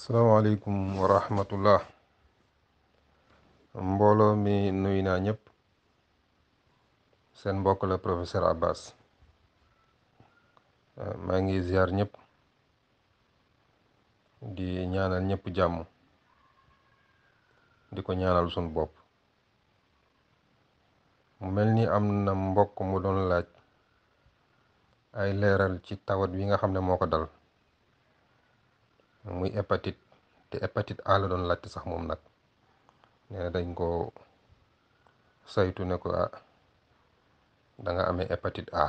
salaamaaleykum wa rahmatullah mbooloo mi nuyu naa ñëpp seen mbokk la professeur Abbas maa ngi ziar ñëpp di ñaanal ñëpp jàmm di ko ñaanal sun bopp mu mel ni am na mbokk mu doon laaj ay leeral ci tawat bi nga xam ne moo ko dal muy hépatite te hépatite A la doon laajte sax moom nag nee na dañ ko saytu ne ko a ah, danga nga amee hépatite A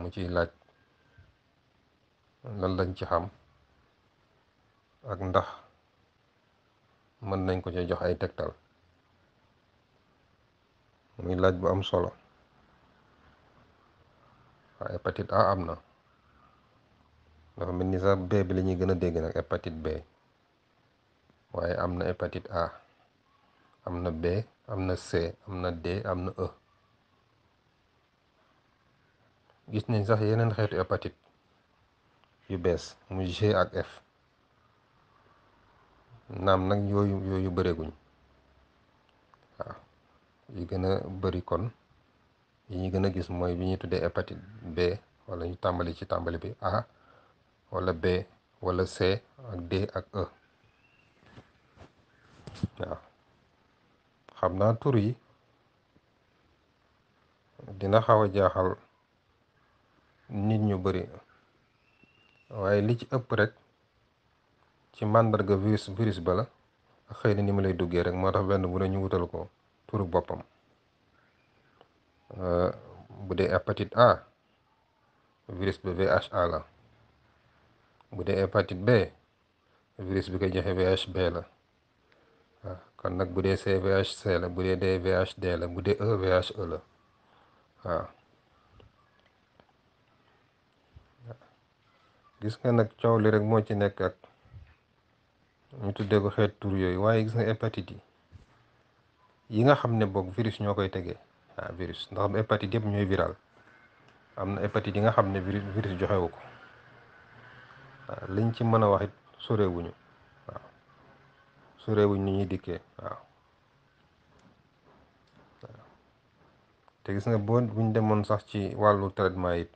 mu ciy laaj lan lañ ci xam ak ndax mën nañ ko ci jox ay tegtal muy laaj bu am solo waaw hépatite A am na nga xam ni sax B bi lañuy ñuy gën a dégg nag hépatite B waaye am na hépatite A am na B am na C am na D am na E gis nañ sax yeneen xeetu hépatite yu bees mu G ak F naam nag yooyu yooyu bëreeguñ waaw yu gën a bëri kon yi ñu gën a gis mooy bi ñuy tuddee hépatite B wala ñu tàmbali ci tàmbali bi A wala B wala C ak D ak E waaw xam naa tur yi dina xaw a jaaxal nit ñu bari waaye li ci ëpp rek ci màndarga virus virus ba la xëy na ni mu lay duggee rek moo tax benn bu ne ñu wutal ko turu boppam euh, bu dee hépatite A virus ba VHA la. bu dee hépatite B virus bi koy joxe VHB la waaw kon nag bu dee CVHC la bu dee DVHD la bu dee EVHE e la waaw gis nga nag coow li rek moo ci nekk ak ñu tuddee ko xeet tur yooyu waaye gis nga hépatite yi yi nga xam ne boog virus ñoo koy tegee ah virus ndax hépatite yëpp ñooy viral am na hépatite yi nga xam ne virus virus joxewu ko liñ ci mën a wax sorewuñu waaw sorewuñ ni ñuy dikkee waaw te gis nga boo buñ demoon sax ci wàllu traitement it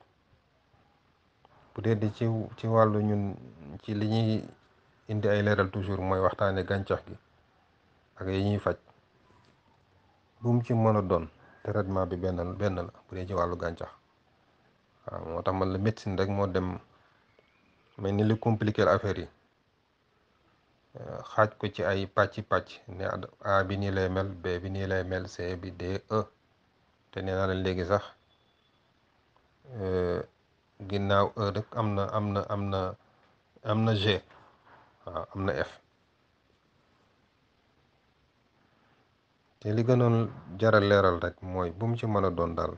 bu dee di ci ci wàllu ñun ci li ñuy indi ay leeral toujours mooy waxtaane gàncax gi ak yi ñuy faj bu ci mën a doon traitement bi benn benn la bu dee ci wàllu gàncax waaw moo tax man la médecine rek moo dem mel ni li compliquer affaire yi xaaj ko ci ay pàcc-pàcc ne A bi nii lay mel B bi nii lay mel C bi D e. te nee naa leen léegi sax e, ginnaaw E rek am na am na am na am na G waaw na F te li gënoon jaral leeral rek mooy bum ci mën a doon daal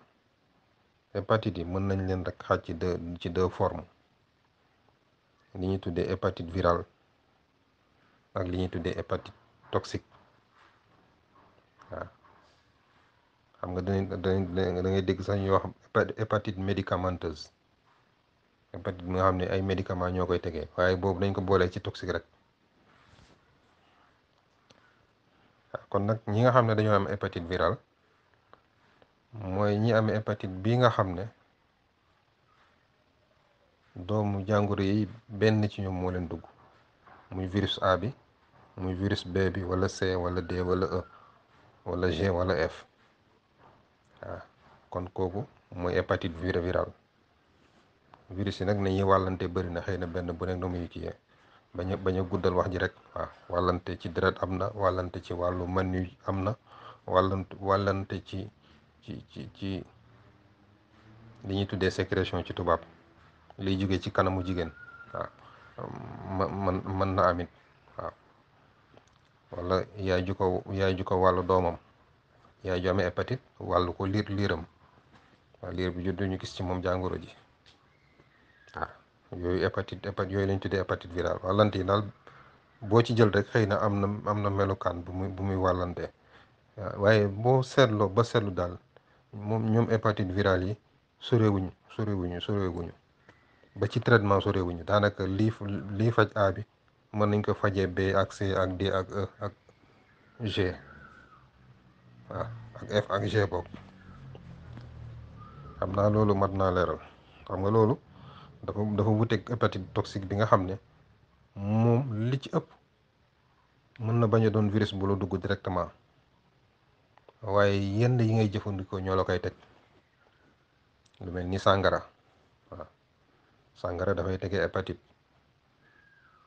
hépatite yi mën nañ leen rek xaaj ci deux ci deux formes li ñuy tuddee hépatite virale ak li ñuy tuddee hépatite toxique waaw xam nga danañ danañ da ngay dégg sax ñuy wax hépatite médicamenteuse hépatite bi nga xam ne ay médicaments ñoo koy tegee waaye boobu dañ ko boolee ci toxique rek kon nag ñi nga xam ne dañoo am hépatite virale mooy ñi am hépatite bi nga xam ne doomu jàngoro yi benn ci ñoom moo leen dugg muy virus A bi muy virus B bi wala C wala D wala E wala G wala F waaw kon kooku mooy hépatite virale virus yi nag nañuy wàllante bëri na xëy na benn bu nekk na muy kii bañ a bañ a guddal wax ji rek waa wàllante ci dret am na wàllante ci wàllu man yu am na wàllante wàllante ci ci ci ci li ñuy tuddee sécrétion ci tubaab. liy jóge ci kanamu jigéen waaw man mën na amit waaw wala yaay ju ko yaay ju ko wàllu doomam yaay ju amee hépatite wàllu ko liir liiram waaw liir bi juddu ñu gis ci moom jàngoro ji waaw yooyu hépatite hépatite yooyu lañ tuddee hépatite virale wàllante daal boo ci jël rek xëy na am na am na melukaan bu muy bu muy wàllante waaye boo seetloo ba seetlu daal moom ñoom hépatite virale yi sorewuñu sorewuñu sorewuñu ba ci traitement sorewuñu daanaka lii lii faj A bi mën nañ ko fajee B ak C ak D ak e ak G waaw ak F ak G boobu xam naa loolu mat naa leeral xam nga loolu dafa dafa wuteeg hépatite toxique bi nga xam ne moom li ci ëpp mën na bañ a doon virus bu dugg directement waaye yenn yi ngay jëfandikoo ñoo la koy teg lu mel ni sàngara sàngara dafay tege hépatite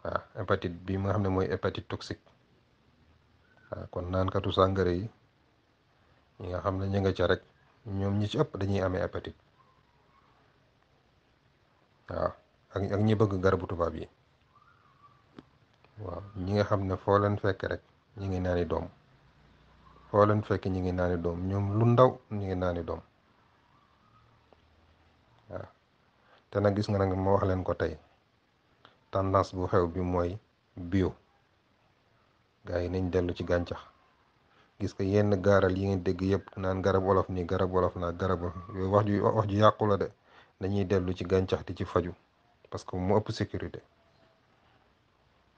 waaw hépatite bi nga xam ne mooy hépatite toxique waaw kon naankatu sàngara yi ñi nga xam ne ñu nga ca rek ñoom ñi ci ëpp dañuy amee hépatite waaw ak ak ñi bëgg garabu tubaab yi waaw ñi nga xam ne foo leen fekk rek ñu ngi naani doom foo leen fekk ñu ngi naani doom ñoom lu ndaw ñu ngi naani doom te nag gis nga nag ma wax leen ko tey tendance bu xew bi mooy bio gaa yi nañ dellu ci gàncax gis ko yenn gaaral yi ngeen dégg yëpp naan garab wolof nii garab wolof naa garab yooyu wax ju wax ju yàqu de nañuy dellu ci gàncax di ci faju parce que mu ëpp sécurité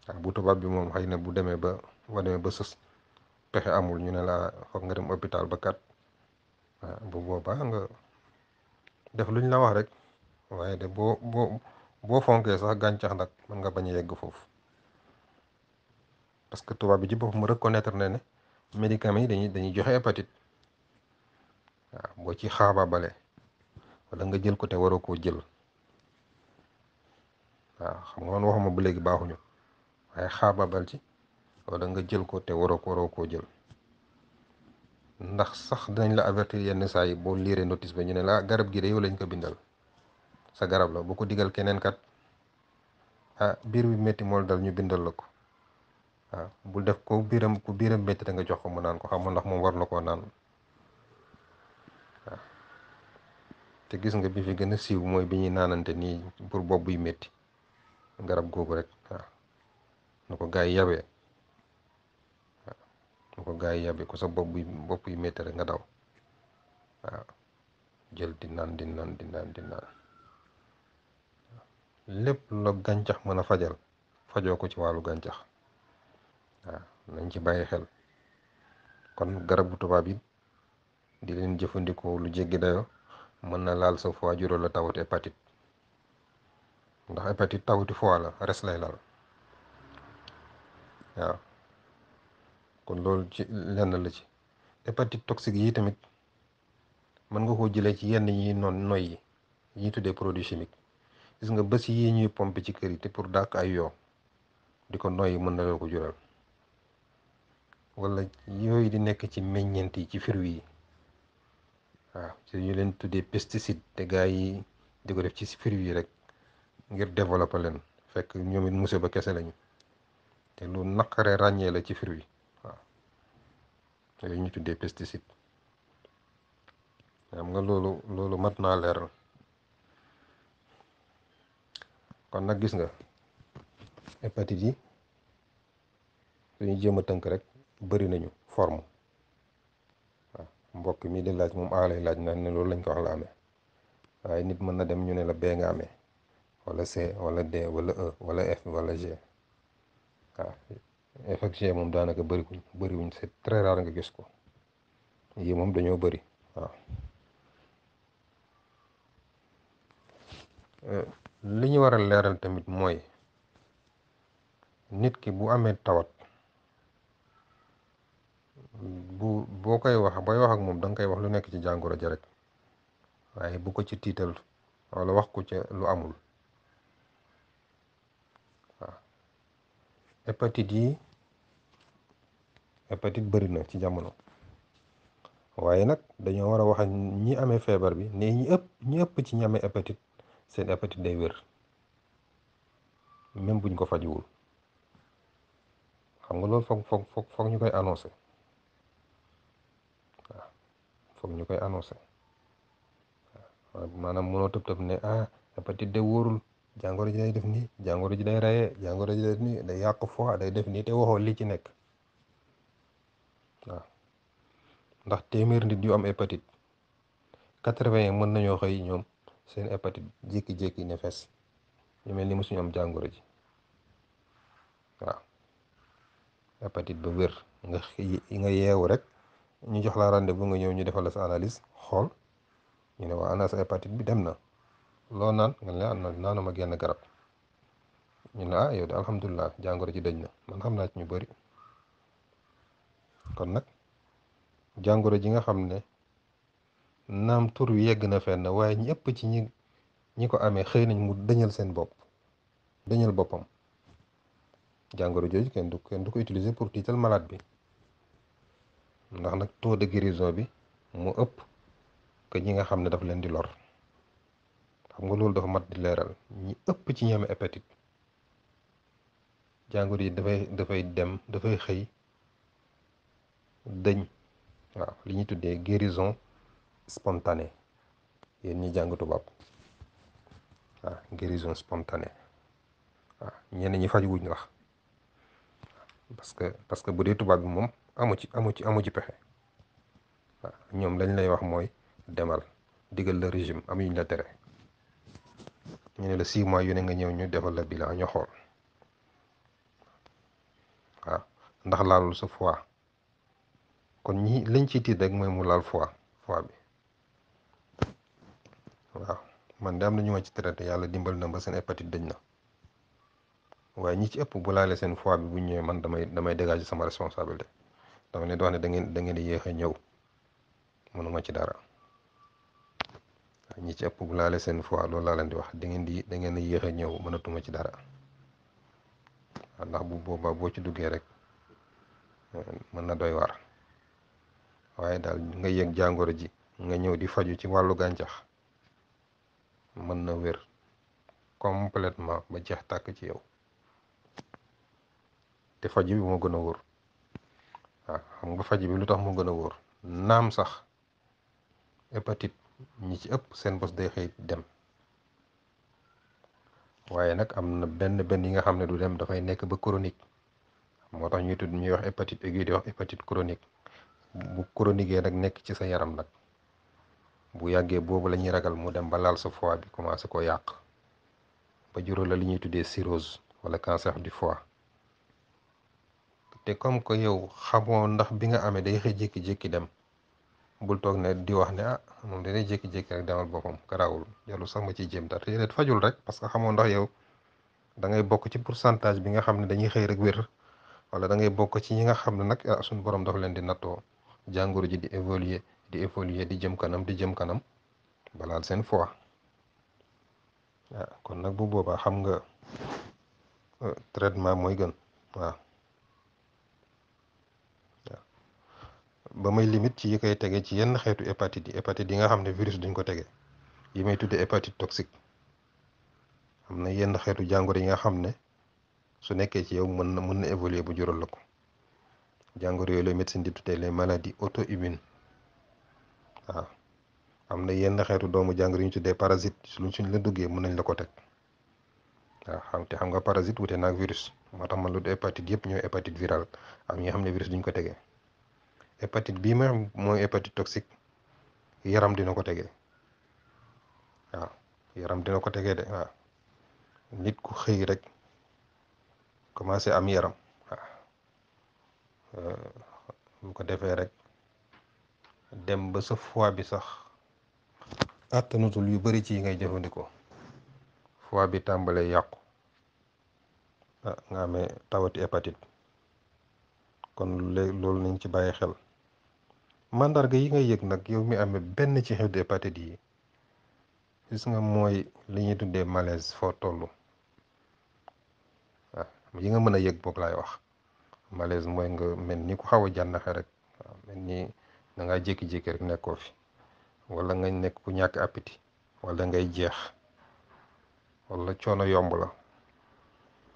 waaw bu tubaab bi moom xay na bu demee ba ba demee ba sës pexe amul ñu ne laa foog nga dem hôpital ba kat bu boobaa nga def luñ la wax rek. waaye de boo boo boo fonkee sax gàncax nag mën nga bañ a yegg foofu parce que tubaab bi ci boppam reconnaître na ne médicaments yi dañuy dañuy joxe hépatite boo ci xaabaabale wala nga jël ko te waroo koo jël waaw xam nga man waxuma bu léegi baaxuñu waaye xaabaabal ci wala nga jël ko te waroo ko koo jël ndax sax dinañ la avertir yenn saa yi boo liiree notice ba ñu ne la garab gi de yow lañ ko bindal. sa garab la bu ko digal keneen kat ah, biir bi métti mool dal ñu bindal la ko waaw ah, bul def ko biiram ku biiram nga jox ko mu naan ko xamul ndax moom war na koo naan ah. te gis nga bi fi gën a siiw mooy bi ñuy naanante nii pour bopp yu métti garab googu rek waaw ko gaa yi yabee waaw ko gaa yi yabee ku sa bopp yu bopp rek nga daw jël di naan di naan di naan di naan. lépp la gàncax mën a fajal fajoo ko ci wàllu gàncax waaw nañ ci bàyyi xel kon garabu tubaab yi di leen jëfandikoo lu jéggi dayo mën na laal sa foie jural la tawati hépatite ndax hépatite tawati foie la res lay laal waaw kon loolu ci lenn la ci hépatite toxique yi tamit mën nga koo jëlee ci yenn yi noon noy yi ñuy tuddee produit chimique gis nga bés yi ñuy pompe ci kër yi te pour dàq ay yoo di ko noyyi mën na la ko jural wala yooyu di nekk ci meññeent yi ci firwi yi waaw ci ñu leen tuddee pesticide te gaa yi di ko def ci firwi yi rek ngir développer leen fekk ñoom it ba kese lañu te lu naqare ràññee la ci yi waaw yooyu ñu tuddee pesticide xam nga loolu loolu mat naa leeral kon nag gis nga hépatite yi suñu jéem a tënk rek bari nañu forme waaw mbokk mi di laaj moom aalay laaj na ne loolu lañ ko wax la amee waaye nit mën na dem ñu ne la B nga ame wala C wala D wala E wala F wala G waaw F ak moom daanaka bëriwuñ bëriwuñ c'est très rare nga gis ko yii moom dañoo bari waaw euh, li ñu war a leeral tamit mooy nit ki bu amee tawat bu boo koy wax booy wax ak moom danga koy wax lu nekk ci jàngoro ja waaye bu ko ci tiital wala wax ko ci lu amul waaw yi hépatite bëri na ci jamono waaye nag dañoo war a wax ñi amee feebar bi ne ñi ëpp ñi ëpp ci ñi amee hépatite seen hépatite de wér même buñ ko fajuwul xam nga lool foog foog foog foog ñu koy annoncé waaw foog ñu koy annoncé maanaam mënoo tëb ne ah hépatite de wóorul jàngoro ji day def ni jàngoro ji day rayee jàngoro ji day def nii day yàq fois day def nii te waxoo li ci nekk ndax téeméer nit yu am hépatite quatre-vingts mën nañoo xëy ñoom seen hépatite jékki-jékki ne fes ñu mel ni mosuñu am jàngoro ji waaw hépatite ba wér nga yeewu rek ñu jox la rendez-vous nga ñëw ñu defal la sa analyse xool ñu ne waa ana sa hépatite bi dem na loo naan nga ne ah naanu ma genn garab ñu ne ah yow de alhamdulilah jàngoro ji dañ na man xam naa ci ñu bari kon nag jàngoro ji nga xam ne naam tour wi yegg na fenn waaye ñëpp ci ñi ñi ko amee xëy nañ mu dëñal seen bopp dëñal boppam jàngoro jooju kenn du du ko utiliser pour tiital malaat bi ndax nag taux de guérison bi mu ëpp que ñi nga xam ne daf leen di lor xam nga loolu dafa mat di leeral ñi ëpp ci ñi amee hépatite jàngoro yi dafay dafay dem dafay xëy dëñ waaw li ñuy tuddee guérison spontanée yéen ñi jàng tubaab waaw guérison spontanée waaw ñenn ñi faj wuñ la parce que parce que bu dee tubaab bi moom amu ci amu ci amu ci pexe ñoom lañ lay wax mooy demal digal la régime amuñ la tere ñu ne la six mois yu ne nga ñëw ñu defal la bilan ñu xool waaw ndax laalul sa foie kon ñi liñ ciy tiit rek mooy mu laal foie foie bi waaw man de am na ñu ma ci traité yàlla dimbali na ba seen hépatite dañ na waaye ñi ci ëpp bu laalee seen fois bu ñëwee man damay damay dégager sama responsabilité dama leen di wax ne da ngeen da ngeen di yéex a ñëw mënuma ci dara ñi ci ëpp seen foie loolu laa leen di wax da ngeen di da ngeen di yéex a ñëw mënatuma ci dara ndax bu boobaa boo ci duggee rek mën na doy war waaye daal nga yëg jàngoro ji nga ñëw di faju ci wàllu gàncax. mën na wér complètement ba jeex tàkk ci yow te faj bi moo gën a wóor waaw xam nga faj bi lu tax moo gën a wóor naam sax hépatite ñi ci ëpp seen bos day xëy dem waaye nag am na benn benn yi nga xam ne du dem dafay nekk ba chronique moo tax ñuy tudd ñuy wax hépatite aiguë di wax hépatite chronique bu chronique nag nekk ci sa yaram nag bu yàggee boobu la ñuy ragal mu dem ba laal sa fois bi commencé ko yàq ba jural la li ñuy tuddee cirrhose wala cancer du fois te comme que yow xamoo ndax bi nga amee day xëy jékki-jékki dem bul toog ne di wax ne ah moom danay jékki-jékki rek demal boppam karawul jarul sax ma ciy jéem dara te fajul rek parce que xamoo ndax yow da ngay bokk ci pourcentage bi nga xam ne dañuy xëy rek wér wala da ngay bokk ci ñi nga xam ne nag ah suñu borom daf leen di nattoo jàngoro ji di évoluer di évoluer di jëm kanam di jëm kanam balaal seen fois kon nag bu boobaa xam nga euh, traitement mooy gën waaw ba may limite ci yi koy tege ci yenn xeetu hépatite yi hépatite yi nga xam ne virus duñ ko tege yi may tuddee hépatite toxique am na yenn xeetu jàngoro yi nga xam ne su nekkee ci yow mën na mën na évoluer bu jural la ko jàngoro yooyu la metsin di tuddee les maladies auto-immunes waaw am na yenn xeetu doomu jàngoro yu ñu tuddee parasite luñ suñ la duggee mën nañ la ko teg waaw xam te xam nga parasite wute naag virus moo tax man lu de hépatite yëpp ñooy hépatite virale am ñi xam ne virus duñ ko tegee hépatite bii ma mooy hépatite toxique yaram dino ko tegee waaw yaram dina ko tegee de waaw nit ku xëy rek commencé am yaram waaw bu ko defee rek dem ba sëf fois bi sax àttanutul yu bari ci ngay jëfandikoo fois bi tàmbalee yàqu ah nga amee tawati hépatite kon loolu nañ ci bàyyi xel mandarga yi ngay yëg nag yow mi amee benn ci xeetu hépatite yi gis nga mooy li ñuy tuddee malaise foo toll ah, yi nga mën a yëg boog laay wax malaise mooy nga mel ni ku xaw a jànnaxe rek waaw mel ni da jékki-jékki rek nekkoo fi walla nga nekk ku ñàkk appétit wala ngay jeex wala coono yomb la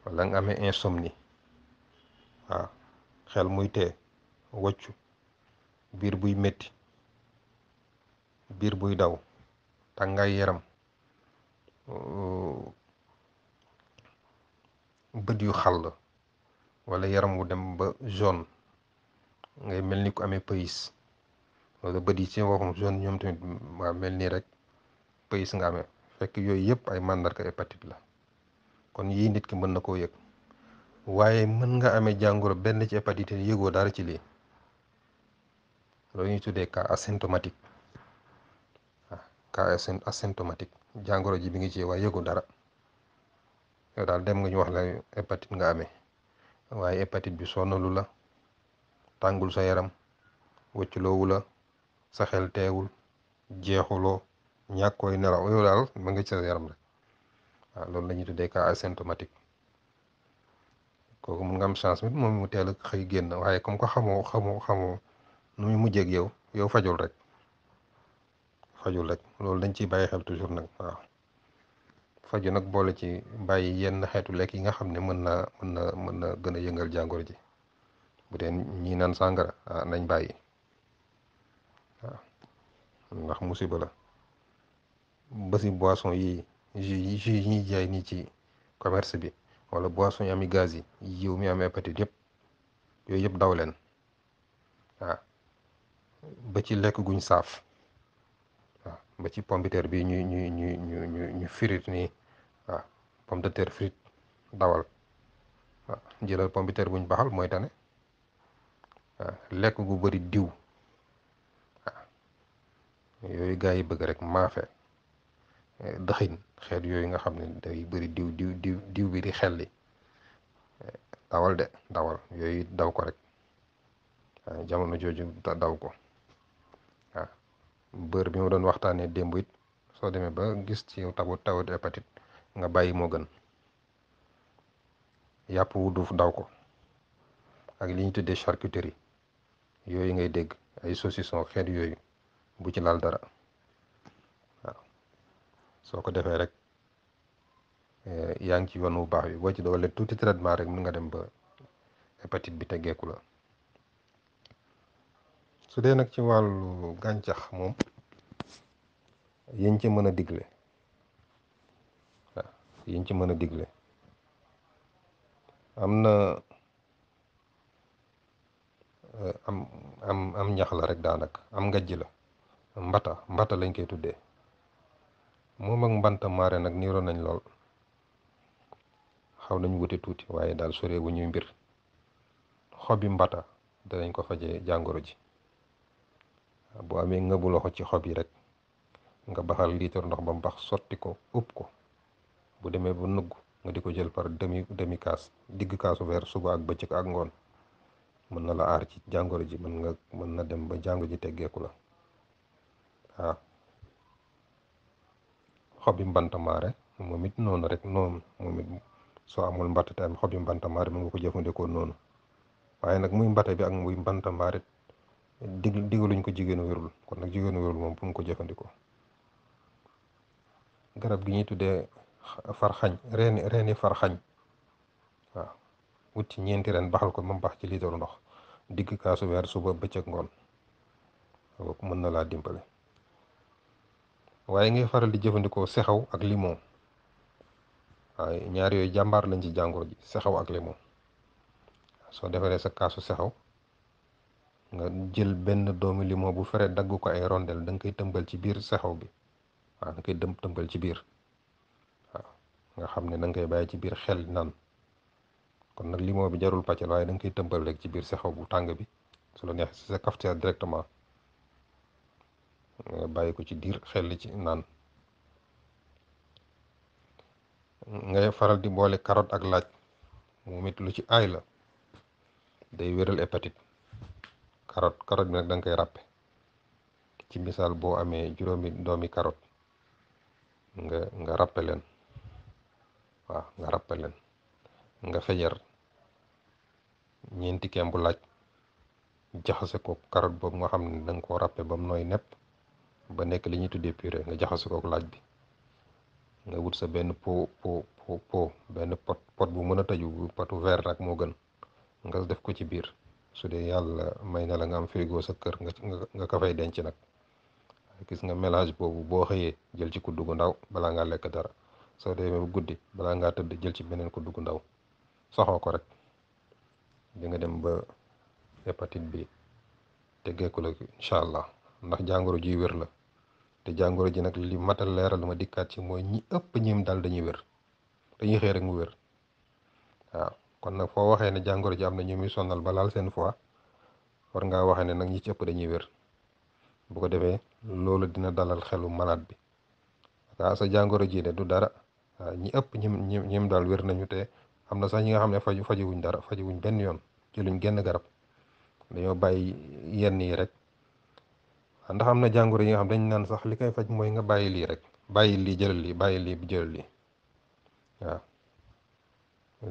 wala nga amee insomnie waaw xel muy tee woccu biir buy metti biir buy daw tàngaay yaram uh, bët yu xal la walla yaram wu dem ba jaune ngay mel ni ku ame pays wala bët yi ci ñoom tamit waa mel nii rek pays nga amee yooyu yëpp ay màndarga hépatite la kon yii nit ki mën na koo yëg waaye mën nga amee jàngoro benn ci hépatite yëgoo dara ci lii loolu ñuy tuddee cas asymptomatique ah jàngoro ji bi ngi ci waaye yëgoo dara yow daal dem nga ñu wax la nga ame waaye hépatite bi sonnalu la tàngul sa yaram wëcculoowu la sa xel teewul jeexuloo ñàkkooy nelaw yow daal ma nga ci sa yaram rek waaw loolu dañuy ñuy tuddee cas asymptomatique kooku mun nga am chance mit moom mu teel a xëy génn waaye comme ko xamoo xamo xamoo nu muy mujjee yow yow fajul rek fajul rek loolu dañ ciy bàyyi xel toujours nag faju nag boole ci bàyyi yenn xeetu lekk yi nga xam ne mën na mën na mën na gën a yëngal jàngoro ji bu dee ñii naan sàngara ah, nañ bàyyi ndax musiba la ba si boisson yi jus yi ñuy jaay nii ci commerce bi wala boisson yi ami gaz yi yiw mi am hépatite yëpp yooyu yëpp daw leen ba ci lekk guñ saaf ba ci pomme de terre bi ñu ñu ñu ñu ñu ñu firit nii waaw pomme de terre frite dawal jëlal pomme de terre buñ baxal mooy tane lekk gu bari diw yooyu gaa yi bëgg rek maafe eh, dëxiñ xeet yooyu nga xam ne day bëri diw diw diw diw bi di xelli eh, dawal de dawal yooyu daw ko rek ah, jamono jooju daw ko waaw ah, bër bi moo doon waxtaanee démb it soo demee ba gis ci yow tabu tawat hépatite nga bàyyi moo gën yàpp wu daw ko ak li ñu tuddee charcuterie yooyu ngay dégg ay saucisson xeet yooyu bu ci laal dara waaw soo ko defee rek eh, yaa ngi ci yoon wu baax bi boo ci doole tuuti traitement rek mën nga dem ba hépatite bi teggeeku la su dee nag ci wàllu gàncax moom yiñ ci mën a digle waaw yiñ ci mën a digle am na eh, am am am ñax la rek daanaka am ngajj la mbata mbata lañ koy tuddee moom ak mbanta maare nag niiroo nañ lool xaw nañ wute tuuti waaye daal sore wu ñuy mbir xobi mbata danañ ko faje jàngoro ji boo amee ngëbu loxo ci xob yi rek nga baxal liitar ndox ba mbax sotti ko up ko bu demee ba nugg nga di ko jël par demi demi kaas digg kaasu weer suba ak bëccëg ak ngoon mën na la aar ci jàngoro ji mën nga mën na dem ba jàngoro ji teggeeku la ah xobi mbantamaare moom it noonu rek noonu moom soo amul mbatt tamit xobi mbantamaare mën nga ko jëfandikoo noonu waaye nag muy mbatte bi ak muy mbanta mbantamaare dig digaluñ ko jigéenu wérul kon nag jigéenu wérul moom bu mu ko jëfandikoo garab gi ñuy tuddee farxañ reeni reeni farxañ waaw wut ci ñeenti ren baxal ko moom bax ci liitaru ndox digg kaasu weer suba bëccëg ngoon mën na laa dimbale waaye ngay faral di jëfandikoo sexaw ak limon waaye ñaar yooyu jàmbaar lañ ci jàngoro ji sexaw ak limon soo defaree sa kaasu sexew nga jël benn doomi limon bu fere dagg ko ay rondel da nga koy tëmbal ci biir sexaw bi waaw nga koy dëm tëmbal ci biir waaw nga xam ne da nga koy bàyyi ci biir xel naan kon nag limon bi jarul pàccal waaye da nga koy tëmbal rek ci biir sexaw bu tàng bi su la neexee si sa cafetière directement nga bàyyi ko ci diir xel ci naan ngay faral di boole carotte ak laaj moom it lu ci aay la day wéral hépatite carotte carotte bi nag da nga koy ràppe ci misaal boo amee juróomi doomi carotte nga nga ràppe leen waaw nga leen nga fejar ñeenti kembu laaj jaxase ko carotte boobu nga xam ne da koo ràppe ba mu nooy nepp ba nekk li ñuy tuddee purée nga jaxase ko ak laaj bi nga wut sa benn pot pot pot benn pot pot bu mën a tëju potu verre nag moo gën nga def ko ci biir su dee yàlla may na la nga am frigo sa kër nga nga ka fay denc nag gis nga melage boobu boo xëyee jël ci kuddu gu ndaw balaa ngaa lekk dara soo demee bu guddi balaa ngaa tëdd jël ci beneen kuddu gu ndaw saxoo ko rek di nga dem ba hépatite bi teggeeku la incha allah ndax jàngoro ji wér la. te jàngoro ji nag li matal leeral lu ma dikkaat ci mooy ñi ëpp ñim daal dañuy wér dañuy xëy rek mu wér waaw kon nag foo waxee ne jàngoro ji am na ñu muy sonal ba laal seen foie war ngaa waxee ne nag ñi ëpp dañuy wér bu ko defee loolu dina dalal xelu malaat bi waaw ah, sa jàngoro ji ne du dara waaw ëpp ñim ñim daal wér nañu te am na sax ñi nga xam ne faju fajuwuñ dara fajuwuñ benn yoon jëluñ genn garab dañoo bàyyi yenn yi rek ndax am na jàngoro yi nga xam dañ naan sax li koy faj mooy nga bàyyi lii rek bàyyi lii jëlal lii bàyyi lii jëlal lii waaw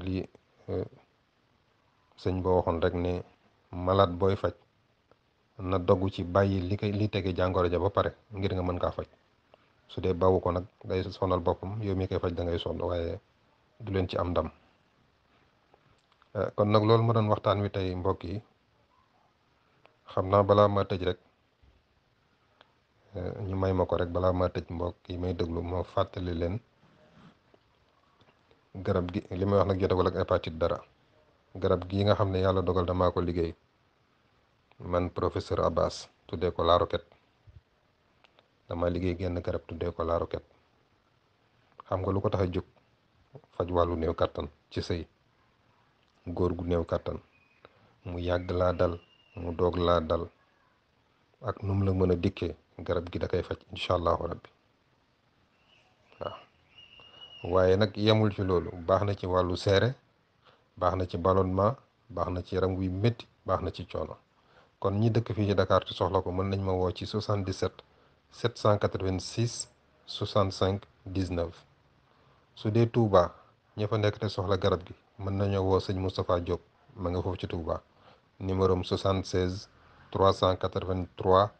lii eh, sëñ boo waxoon rek ne malaat booy faj na dogu ci bàyyi li koy li tege jàngoro ja ba pare ngir nga mën kaa faj su dee bawu ko nag day sonal boppam yow mi koy faj da ngay sonn waaye du leen ci am ndam eh, kon nag loolu ma doon waxtaan wi tey mbokk yi xam naa balaa ma tëj rek Eh, ñu may ma ko rek balaa ma tëj mbok yi may déglu ma fàttali leen garab gi li may wax nag jotagul ak hépatite dara garab gi nga xam ne yàlla dogal damaa ko liggéey man professeur Abbas dee ko la roquette dama liggéey genn garab tu dee ko la roquette xam nga lu ko tax a jóg faj wàllu néew kàttan ci sëy góor gu néew kàttan mu yàgg laa dal mu doog laa dal ak num la mën a dikkee garab gi da koy faj incha allahu rabbi waaw waaye nag yemul ci loolu baax na ci wàllu seere baax na ci ballonnement baax na ci yaram wuy métti baax na ci coono kon ñi dëkk fii ci Dakar te soxla ko mën nañ ma woo ci 77 786 65 19 su dee Touba ña fa nekk te soxla garab gi mën nañoo woo sëñ Moustapha Diop ma ngi foofu ci Touba numéro am 76 383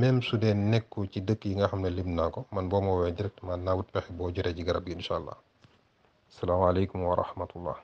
même su dee nekkoo ci dëkk yi nga xam ne lim naa ko man boo ma woowee directement naa wut pexe boo jotee ci garab gi incha allah salaamaaleykum wa rahmatullah